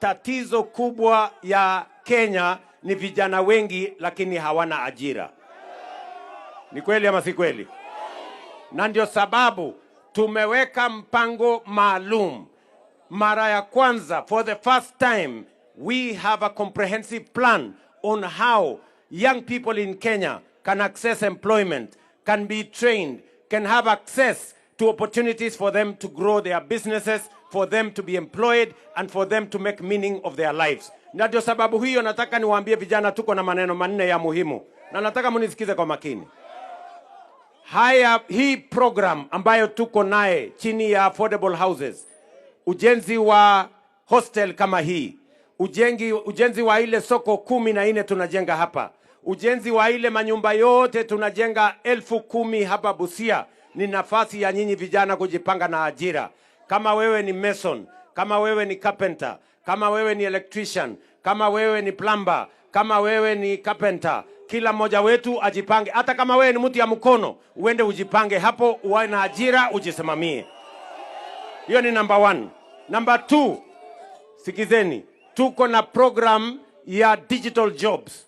Tatizo kubwa ya Kenya ni vijana wengi lakini hawana ajira. Ni kweli ama si kweli? Na ndio sababu tumeweka mpango maalum mara ya kwanza, for the first time we have a comprehensive plan on how young people in Kenya can access employment, can be trained, can have access to opportunities for them to grow their businesses, for them to be employed and for them to make meaning of their lives. Na ndio sababu hiyo nataka niwaambie vijana, tuko na maneno manne ya muhimu na nataka munisikize kwa makini. Haya, hii program ambayo tuko naye chini ya affordable houses, ujenzi wa hostel kama hii, ujengi, ujenzi wa ile soko kumi na nne tunajenga hapa, ujenzi wa ile manyumba yote tunajenga elfu kumi hapa Busia ni nafasi ya nyinyi vijana kujipanga na ajira. Kama wewe ni mason, kama wewe ni carpenter, kama wewe ni electrician, kama wewe ni plumber, kama wewe ni carpenter, kila mmoja wetu ajipange. Hata kama wewe ni mtu ya mkono, uende ujipange hapo, uwe na ajira, ujisimamie. Hiyo ni number one. Number two, sikizeni, tuko na program ya digital jobs,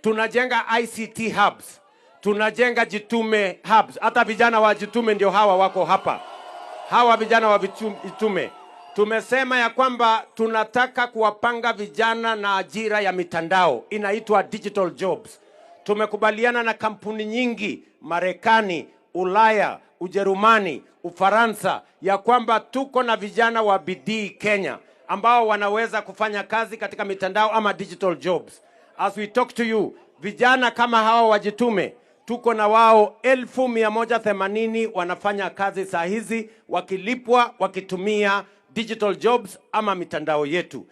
tunajenga ICT hubs tunajenga Jitume hubs. Hata vijana wa Jitume ndio hawa wako hapa, hawa vijana wa Jitume. Tumesema ya kwamba tunataka kuwapanga vijana na ajira ya mitandao, inaitwa digital jobs. Tumekubaliana na kampuni nyingi Marekani, Ulaya, Ujerumani, Ufaransa ya kwamba tuko na vijana wa bidii Kenya ambao wanaweza kufanya kazi katika mitandao ama digital jobs. As we talk to you, vijana kama hawa wajitume tuko na wao elfu mia moja themanini wanafanya kazi saa hizi wakilipwa wakitumia digital jobs ama mitandao yetu.